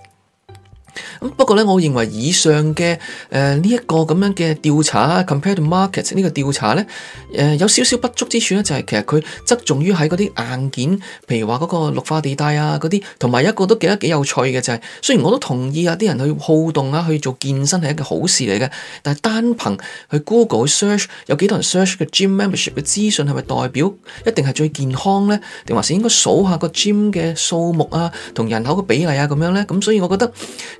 咁不過咧，我認為以上嘅誒、呃這個、呢一個咁樣嘅調查啊，Compare the Market 呢個調查咧，誒、呃、有少少不足之處咧，就係、是、其實佢側重於喺嗰啲硬件，譬如話嗰個綠化地帶啊，嗰啲同埋一個都幾得幾有趣嘅就係、是，雖然我都同意啊，啲人去好動啊去做健身係一件好事嚟嘅，但係單憑去 Google search 有幾多人 search 嘅 gym membership 嘅資訊係咪代表一定係最健康咧？定還是應該數下個 gym 嘅數目啊，同人口嘅比例啊咁樣咧？咁所以我覺得。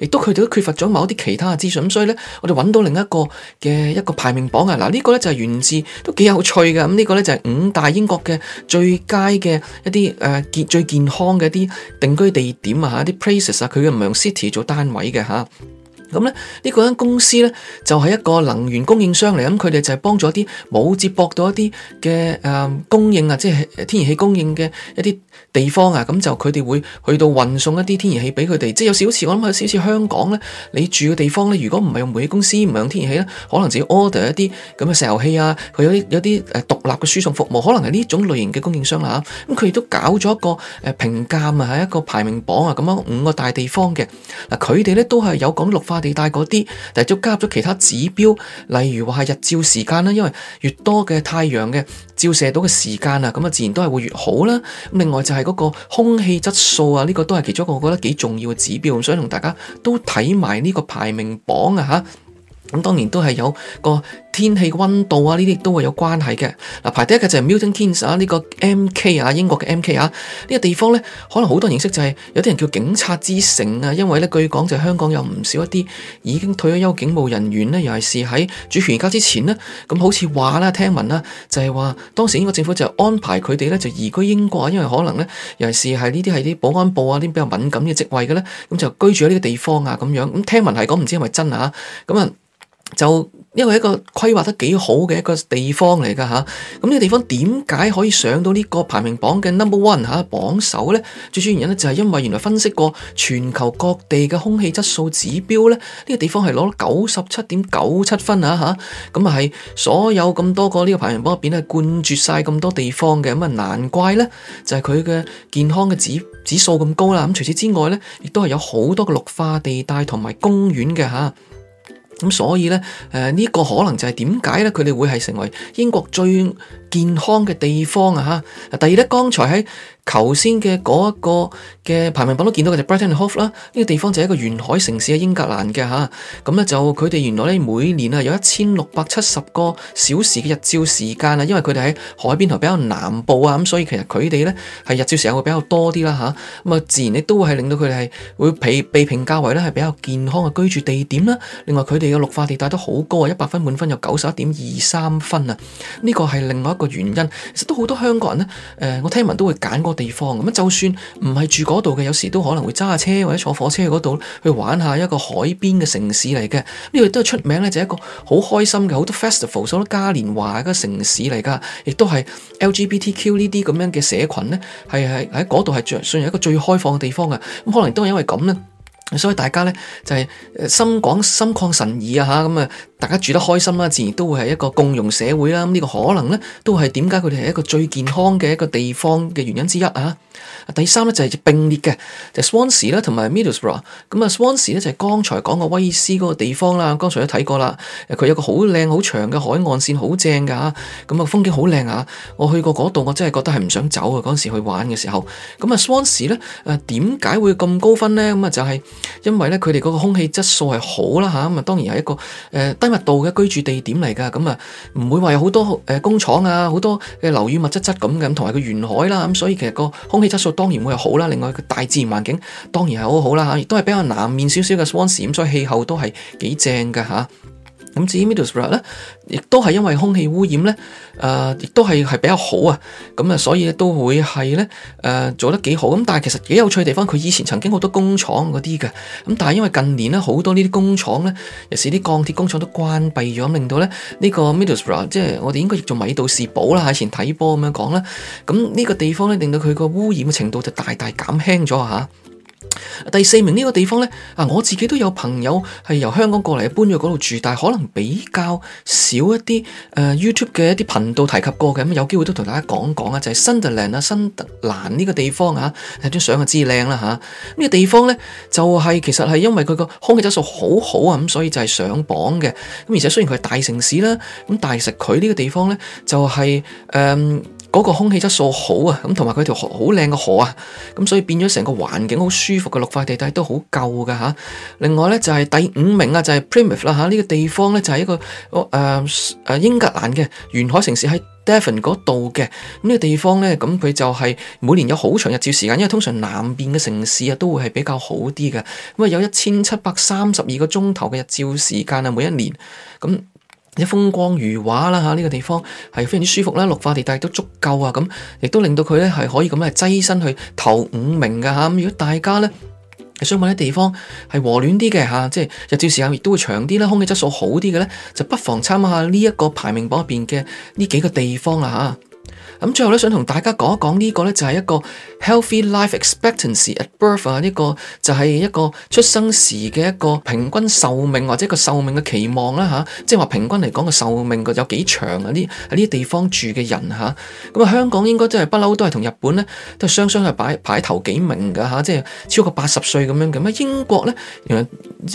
亦都佢哋都缺乏咗某一啲其他嘅資訊，所以咧我哋揾到另一個嘅一個排名榜啊！嗱、這個，呢個咧就係、是、源自都幾有趣嘅，咁、這個、呢個咧就係、是、五大英國嘅最佳嘅一啲健最健康嘅一啲定居地點啊嚇，啲 places 啊，佢嘅唔係用 city 做單位嘅吓，咁咧呢、這個間公司咧就係、是、一個能源供應商嚟，咁佢哋就係幫咗啲冇接駁到一啲嘅供應啊，即係天然氣供應嘅一啲。地方啊，咁就佢哋會去到運送一啲天然氣俾佢哋，即係有少少似我諗有少少似香港咧。你住嘅地方咧，如果唔係用煤氣公司，唔係用天然氣咧，可能就要 order 一啲咁嘅石油氣啊，佢有啲有啲獨立嘅輸送服務可能係呢種類型嘅供應商啦、啊。咁佢亦都搞咗一個誒評鑒啊，係一個排名榜啊，咁樣五個大地方嘅嗱，佢哋咧都係有講綠化地帶嗰啲，但係再加入咗其他指標，例如話係日照時間啦、啊，因為越多嘅太陽嘅照射到嘅時間啊，咁啊自然都係會越好啦、啊。咁另外就係嗰個空氣質素啊，呢個都係其中一個我覺得幾重要嘅指標，所以同大家都睇埋呢個排名榜啊，吓。咁當然都係有個天氣、溫度啊，呢啲都會有關係嘅。嗱，排第一嘅就係 Milton Keynes 啊，呢個 MK 啊，英國嘅 MK 啊，呢個地方咧，可能好多人認識就係有啲人叫警察之城啊，因為咧據講就係香港有唔少一啲已經退咗休警務人員咧，尤其是喺主權移交之前咧，咁好似話啦，聽聞啦，就係話當時英國政府就安排佢哋咧就移居英國啊，因為可能咧，尤其是係呢啲係啲保安部啊，啲比較敏感嘅職位嘅咧，咁就居住喺呢個地方啊，咁樣咁聽聞係講，唔知係咪真啊？咁啊～就因為一個規劃得幾好嘅一個地方嚟噶吓，咁呢個地方點解可以上到呢個排名榜嘅 number one 吓榜首咧？最主要原因咧就係因為原來分析過全球各地嘅空氣質素指標咧，呢個地方係攞到九十七點九七分啊吓，咁啊係所有咁多個呢個排名榜入邊咧冠絕晒咁多地方嘅，咁啊難怪咧就係佢嘅健康嘅指指數咁高啦。咁除此之外咧，亦都係有好多嘅綠化地帶同埋公園嘅吓。咁所以咧，誒、呃、呢、這個可能就係點解咧，佢哋會係成為英國最健康嘅地方啊，吓，第二咧，剛才喺頭先嘅嗰一個嘅排名榜都見到嘅就 Brighton and Hove 啦，呢、這個地方就係一個沿海城市嘅英格蘭嘅吓。咁咧就佢哋原來咧每年啊有一千六百七十個小時嘅日照時間啊，因為佢哋喺海邊同比較南部啊，咁所以其實佢哋咧係日照時間會比較多啲啦吓咁啊，啊自然亦都係令到佢哋係會被被評價為咧係比較健康嘅居住地點啦，啊。另外佢哋。有綠化地帶都好高啊！一百分滿分有九十一點二三分啊！呢個係另外一個原因，其實都好多香港人呢。誒，我聽聞都會揀嗰個地方，咁就算唔係住嗰度嘅，有時都可能會揸車或者坐火車去嗰度去玩一下一個海邊嘅城市嚟嘅。呢個都係出名呢，就係一個好開心嘅好多 festival，好多嘉年華嘅城市嚟噶，亦都係 LGBTQ 呢啲咁樣嘅社群呢，係係喺嗰度係最算係一個最開放嘅地方啊！咁可能都係因為咁呢。所以大家咧就係、是、心廣心曠神怡啊！嚇咁啊～大家住得開心啦，自然都會係一個共融社會啦。咁、這、呢個可能呢，都係點解佢哋係一個最健康嘅一個地方嘅原因之一啊。第三呢，就係並列嘅，就 Swansea 啦，同埋 Middlesbrough。咁啊，Swansea 就係剛才講個威斯嗰個地方啦，剛才都睇過啦。佢有一個好靚好長嘅海岸線，好正㗎嚇。咁啊，風景好靚啊。我去過嗰度，我真係覺得係唔想走啊。嗰陣時去玩嘅時候，咁啊，Swansea 咧點解會咁高分呢？咁啊，就係、是、因為呢，佢哋嗰個空氣質素係好啦吓，咁啊，當然係一個誒。呃密度嘅居住地點嚟噶，咁啊，唔會話有好多誒工廠啊，好多嘅樓宇物質質咁嘅，同埋個沿海啦，咁所以其實個空氣質素當然會好啦。另外個大自然環境當然係好好啦，吓，亦都係比較南面少少嘅 s w a n s e，咁所以氣候都係幾正嘅吓。咁至於 Middlesbrough 咧，亦都係因為空氣污染咧，誒、呃，亦都係比較好啊。咁啊，所以咧都會係咧，誒、呃，做得幾好。咁但係其實幾有趣地方，佢以前曾經好多工廠嗰啲嘅。咁但係因為近年咧，好多廠呢啲工廠咧，尤其是啲鋼鐵工廠都關閉咗，令到咧呢個 Middlesbrough，、嗯、即係我哋應該叫做米道士堡啦。以前睇波咁樣講啦，咁呢個地方咧，令到佢個污染嘅程度就大大減輕咗啊！第四名呢個地方呢，啊，我自己都有朋友係由香港過嚟搬咗嗰度住，但係可能比較少一啲誒、呃、YouTube 嘅一啲頻道提及過嘅，咁、嗯、有機會都同大家講講啊，就係新德蘭啊，新德蘭呢個地方啊，睇張相啊，知靚啦吓，呢、這個地方呢，就係、是、其實係因為佢個空氣質素好好啊，咁、嗯、所以就係上榜嘅，咁、嗯、而且雖然佢係大城市啦，咁、嗯、大食佢呢個地方呢，就係、是、誒。嗯嗰、那個空氣質素好啊，咁同埋佢條河好靚嘅河啊，咁所以變咗成個環境好舒服嘅綠化地帶都好夠噶吓。另外呢，就係、是、第五名啊，就係 Plymouth 啦，呢個地方呢，就係一個誒英格蘭嘅沿海城市喺 Devon 嗰度嘅。咁呢個地方呢，咁佢就係每年有好長日照時間，因為通常南邊嘅城市啊都會係比較好啲嘅。咁啊有一千七百三十二個鐘頭嘅日照時間啊，每一年咁。啲風光如畫啦嚇，呢個地方係非常之舒服啦，綠化地帶都足夠啊，咁亦都令到佢咧係可以咁樣擠身去頭五名嘅嚇。咁如果大家咧想揾啲地方係和暖啲嘅嚇，即係日照時間亦都會長啲啦，空氣質素好啲嘅咧，就不妨參考下呢一個排名榜入邊嘅呢幾個地方啦嚇。咁最後咧，想同大家講一講呢個咧，就係一個 healthy life expectancy at birth 啊，呢個就係一個出生時嘅一個平均壽命或者個壽命嘅期望啦吓，即係話平均嚟講個壽命有幾長啊？呢喺呢啲地方住嘅人吓，咁啊香港應該真係不嬲，都係同日本咧都雙雙係擺排頭幾名噶吓，即係超過八十歲咁樣嘅。咁英國咧，原來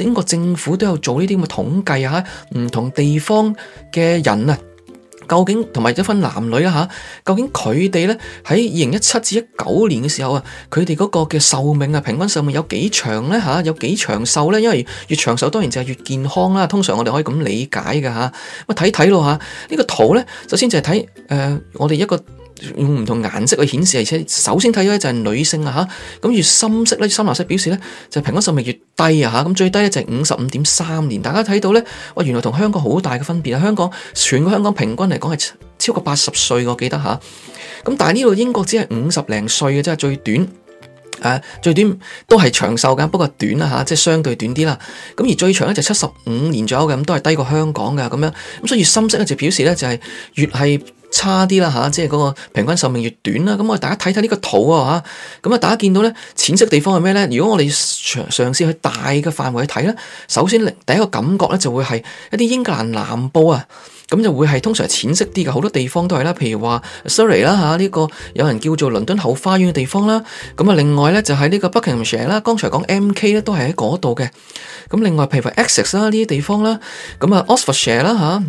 英國政府都有做呢啲咁嘅統計吓，唔同地方嘅人啊。究竟同埋一分男女啦吓，究竟佢哋咧喺二零一七至一九年嘅時候啊，佢哋嗰個嘅壽命啊，平均壽命有幾長咧吓，有幾長壽咧？因為越長壽當然就係越健康啦，通常我哋可以咁理解嘅吓。咁啊睇睇咯吓，呢個圖咧，首先就係睇誒我哋一個，用唔同顏色去顯示，而且首先睇咧就係女性啊吓，咁越深色咧深藍色表示咧就係平均壽命越低啊吓，咁最低咧就係五十五點三年，大家睇到咧，哇原來同香港好大嘅分別啊！香港全個香港平均嚟講係超過八十歲，我記得吓，咁但係呢度英國只係五十零歲嘅，即係最短，最短都係長壽噶，不過短啊，吓，即係相對短啲啦。咁而最長咧就七十五年左右嘅，咁都係低過香港嘅咁樣，咁所以越深色咧就表示咧就係越係。差啲啦，即係嗰個平均壽命越短啦。咁我哋大家睇睇呢個圖啊，咁啊，大家見到咧，淺色地方係咩咧？如果我哋嘗試去大嘅範圍去睇咧，首先第一個感覺咧就會係一啲英格蘭南部啊，咁就會係通常係淺色啲嘅，好多地方都係啦。譬如話，Surrey 啦，呢個有人叫做倫敦後花園嘅地方啦。咁啊，另外咧就係呢個 Buckinghamshire 啦，剛才講 M K 咧都係喺嗰度嘅。咁另外譬如話，Essex 啦，呢啲地方啦，咁啊，Oxfordshire 啦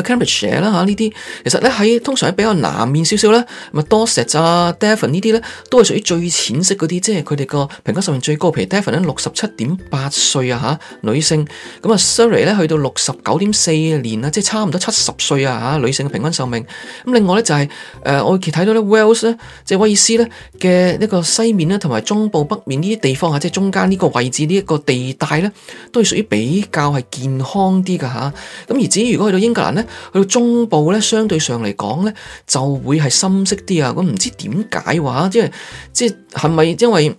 Cambridge 蛇啦吓，呢啲其實咧喺通常喺比較南面少少咧，咪 Dorset 啊 Devon 呢啲咧都係屬於最淺色嗰啲，即係佢哋個平均壽命最高。譬如 Devon 咧六十七點八歲啊吓，女性咁啊，Surrey 咧去到六十九點四年啊，即係差唔多七十歲啊吓，女性嘅平均壽命。咁另外咧就係、是、誒我其睇到咧 Wales 咧，即係威爾斯咧嘅呢個西面咧，同埋中部北面呢啲地方啊，即係中間呢個位置呢一、這個地帶咧，都係屬於比較係健康啲嘅吓，咁而至於如果去到英格蘭咧，去到中部呢，相對上嚟講呢，就會係深色啲啊。咁唔知點解話，即係即係係咪因為？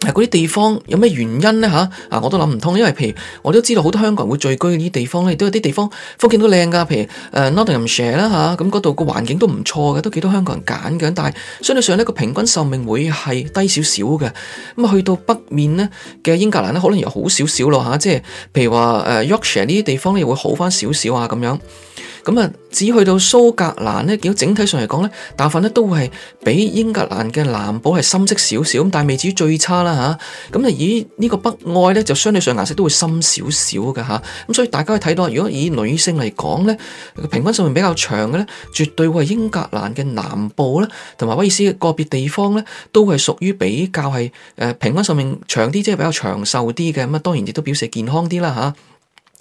嗰啲地方有咩原因呢？啊，我都諗唔通，因為譬如我都知道好多香港人會聚居呢啲地方咧，都有啲地方風景都靚噶。譬如誒 Northern Ireland 啦嚇，咁嗰度個環境都唔錯嘅，都幾多香港人揀嘅。但係相對上咧，個平均壽命會係低少少嘅。咁啊，去到北面咧嘅英格蘭咧，可能又好少少咯吓，即係譬如話誒 Yorkshire 呢啲地方咧，又會好翻少少啊咁樣。咁啊，只去到蘇格蘭呢，如果整體上嚟講呢，大部分呢都係比英格蘭嘅南部係深色少少，咁但係未至於最差啦吓，咁啊，以呢個北愛呢，就相對上顏色都會深少少嘅吓，咁所以大家可以睇到，如果以女性嚟講咧，平均壽命比較長嘅呢，絕對會係英格蘭嘅南部啦，同埋威爾斯嘅個別地方呢，都係屬於比較係誒平均壽命長啲，即係比較長壽啲嘅。咁啊，當然亦都表示健康啲啦吓。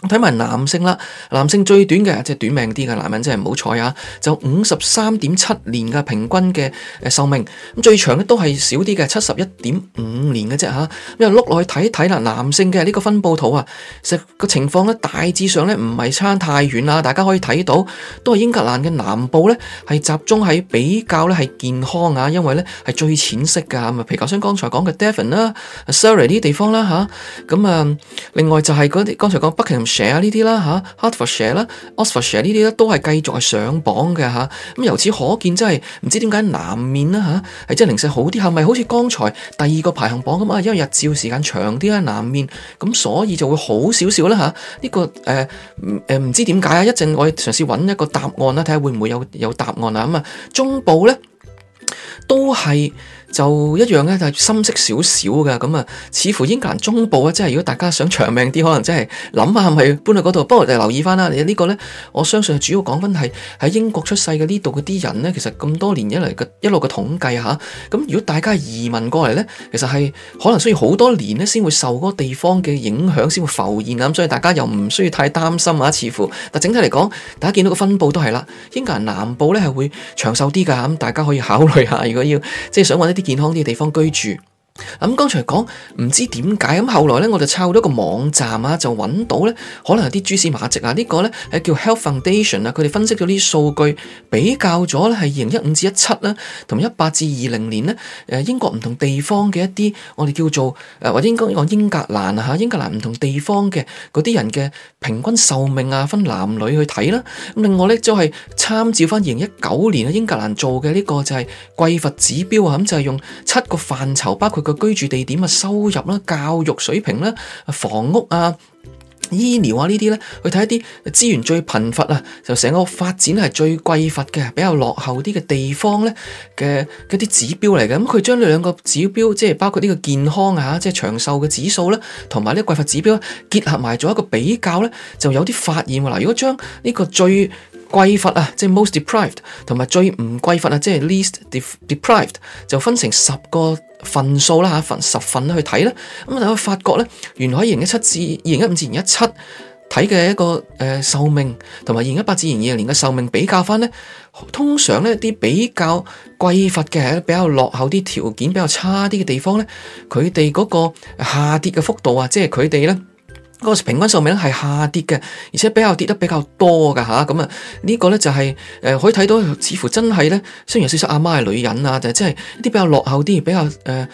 睇埋男性啦，男性最短嘅即係短命啲嘅男人，真係唔好彩啊！就五十三點七年嘅平均嘅壽命，咁最長咧都係少啲嘅七十一點五年嘅啫吓，咁啊，碌落去睇睇啦，男性嘅呢個分布圖啊，其實個情況咧大致上咧唔係差太遠啦。大家可以睇到，都係英格蘭嘅南部咧係集中喺比較咧係健康啊，因為咧係最淺色噶，咪譬如頭先剛才講嘅 Devon 啦、Surrey 呢啲地方啦吓，咁啊，另外就係嗰啲剛才講北。蛇啊呢啲啦吓，hot for 蛇 s for 蛇呢啲咧都係繼續係上榜嘅吓。咁由此可見，真係唔知點解南面啦吓係真零舍好啲，係咪好似剛才第二個排行榜咁啊？因為日照時間長啲啊，南面咁，所以就會好少少啦吓。呢、這個誒誒唔知點解啊？一陣我嘗試揾一個答案啦，睇下會唔會有有答案啊？咁啊中部咧都係。就一樣咧，就係、是、深色少少噶咁啊，似乎英格蘭中部啊，即係如果大家想長命啲，可能真係諗下係咪搬去嗰度，不過就留意翻啦。你、這個、呢個咧，我相信主要講翻係喺英國出世嘅呢度嗰啲人咧，其實咁多年以嚟嘅一路嘅統計下，咁、啊、如果大家移民過嚟咧，其實係可能需要好多年咧先會受嗰個地方嘅影響先會浮現啊，咁所以大家又唔需要太擔心啊。似乎但整體嚟講，大家見到個分布都係啦，英格蘭南部咧係會長壽啲㗎，咁大家可以考慮下，如果要即係想揾一啲。健康嘅地方居住。咁剛才講唔知點解，咁後來咧，我就抄到一個網站啊，就揾到咧，可能有啲蛛絲馬跡啊呢、這個咧誒，叫 Health Foundation 啊，佢哋分析咗啲數據，比較咗咧係二零一五至一七啦，同一八至二零年咧，誒英國唔同地方嘅一啲我哋叫做誒，或者應該講英格蘭啊吓，英格蘭唔同地方嘅嗰啲人嘅平均壽命啊，分男女去睇啦。咁另外咧就係參照翻二零一九年啊，英格蘭做嘅呢個就係匱乏指標啊，咁就係、是、用七個範疇包括。個居住地點啊、收入啦、教育水平啦、房屋啊、醫療啊呢啲咧，去睇一啲資源最貧乏啊，就成個發展係最貴乏嘅，比較落後啲嘅地方咧嘅一啲指標嚟嘅。咁佢將呢兩個指標，即係包括呢個健康啊，即係長壽嘅指數咧，同埋呢個匱乏指標結合埋做一個比較咧，就有啲發現。嗱，如果將呢個最匱乏啊，即係 most deprived，同埋最唔匱乏啊，即係 least deprived，就分成十個。份數啦嚇，份十份去睇啦。咁啊會發覺咧，原來二零一七至二零一五至二零一七睇嘅一個誒壽命，同埋二零一八至二零二零嘅壽命比較翻咧，通常咧啲比較匱乏嘅比較落後啲條件比較差啲嘅地方咧，佢哋嗰個下跌嘅幅度啊，即係佢哋咧。那個平均壽命係下跌嘅，而且比較跌得比較多嘅吓，咁啊呢、這個咧就係、是、誒、呃、可以睇到，似乎真係咧，雖然有少少阿媽係女人啊，就係即係一啲比較落後啲、比較誒誒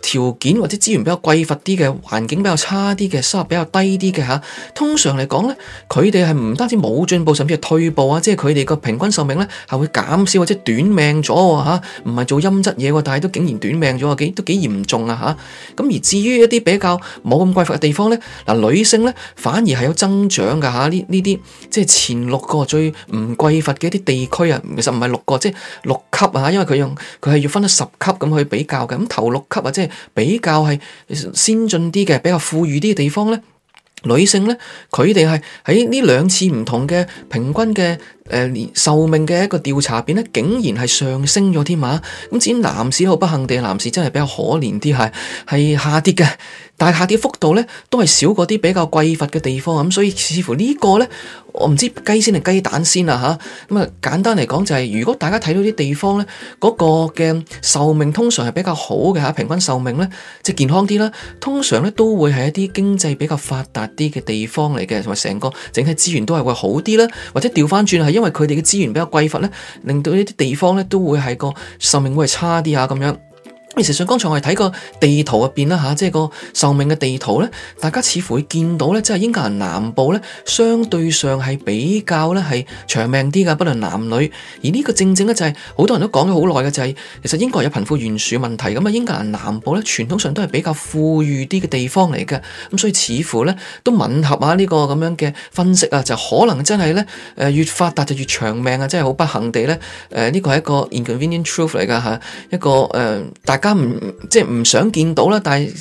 條件或者資源比較匱乏啲嘅環境比較差啲嘅收入比較低啲嘅吓，通常嚟講咧，佢哋係唔單止冇進步，甚至係退步啊！即係佢哋個平均壽命咧係會減少或者短命咗喎嚇，唔、啊、係做陰質嘢喎，但係都竟然短命咗喎，幾都幾嚴重啊吓，咁、啊、而至於一啲比較冇咁匱乏嘅地方咧，嗱、啊、女。女性咧反而係有增長噶吓，呢呢啲即係前六個最唔匱乏嘅一啲地區啊，其實唔係六個，即係六級啊，因為佢用佢係要分得十級咁去比較嘅，咁頭六級啊，即係比較係先進啲嘅，比較富裕啲嘅地方咧，女性咧，佢哋係喺呢兩次唔同嘅平均嘅。誒、呃，壽命嘅一個調查，變呢竟然係上升咗添嘛。咁至於男士，好不幸地，男士真係比較可憐啲，係係下跌嘅，但係下跌幅度呢，都係少過啲比較貴乏嘅地方。咁、嗯、所以似乎呢個呢，我唔知雞先定雞蛋先啊吓。咁、嗯、啊，簡單嚟講就係、是，如果大家睇到啲地方呢，嗰、那個嘅壽命通常係比較好嘅吓，平均壽命呢，即係健康啲啦。通常呢都會係一啲經濟比較發達啲嘅地方嚟嘅，同埋成個整體資源都係會好啲啦，或者調翻轉係。因為佢哋嘅資源比較匱乏咧，令到呢啲地方咧都會係個壽命會係差啲啊咁樣。其實上，剛才我哋睇過地圖入面啦吓，即係個壽命嘅地圖咧，大家似乎會見到咧，即係英格蘭南部咧，相對上係比較咧係長命啲噶，不論男女。而呢個正正咧就係、是、好多人都講咗好耐嘅，就係、是、其實英國有貧富懸殊問題。咁啊，英格蘭南部咧傳統上都係比較富裕啲嘅地方嚟嘅，咁所以似乎咧都吻合下呢個咁樣嘅分析啊，就可能真係咧誒越發達就越長命啊，真係好不幸地咧誒呢個係一個 inconvenient truth 嚟㗎吓，一個誒、呃大家唔，即係唔想見到啦，但係，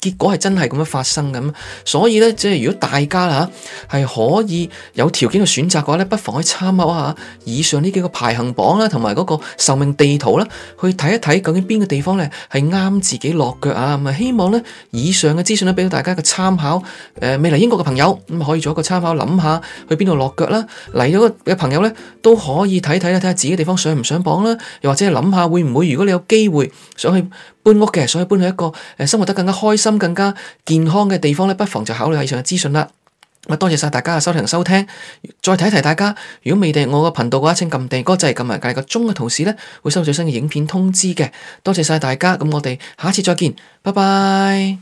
結果係真係咁樣發生咁，所以呢，即係如果大家係吓係可以有條件嘅選擇嘅話呢，不妨去參考下以上呢幾個排行榜啦，同埋嗰個壽命地圖啦，去睇一睇究竟邊個地方呢係啱自己落腳啊。咁啊，希望呢以上嘅資訊呢俾到大家嘅參考。誒，未嚟英國嘅朋友咁可以做一個參考，諗下去邊度落腳啦。嚟咗嘅朋友呢，都可以睇睇睇下自己地方上唔上榜啦，又或者諗下會唔會如果你有機會想去。搬屋嘅，所以搬去一個誒，生活得更加開心、更加健康嘅地方咧，不妨就考慮以上嘅資訊啦。咁多謝晒大家嘅收聽收聽，再提一提大家，如果未訂閱我嘅頻道嘅話，請撳訂閱嗰個掣，撳埋介個鐘嘅同時咧，會收到最新嘅影片通知嘅。多謝晒大家，咁我哋下次再見，拜拜。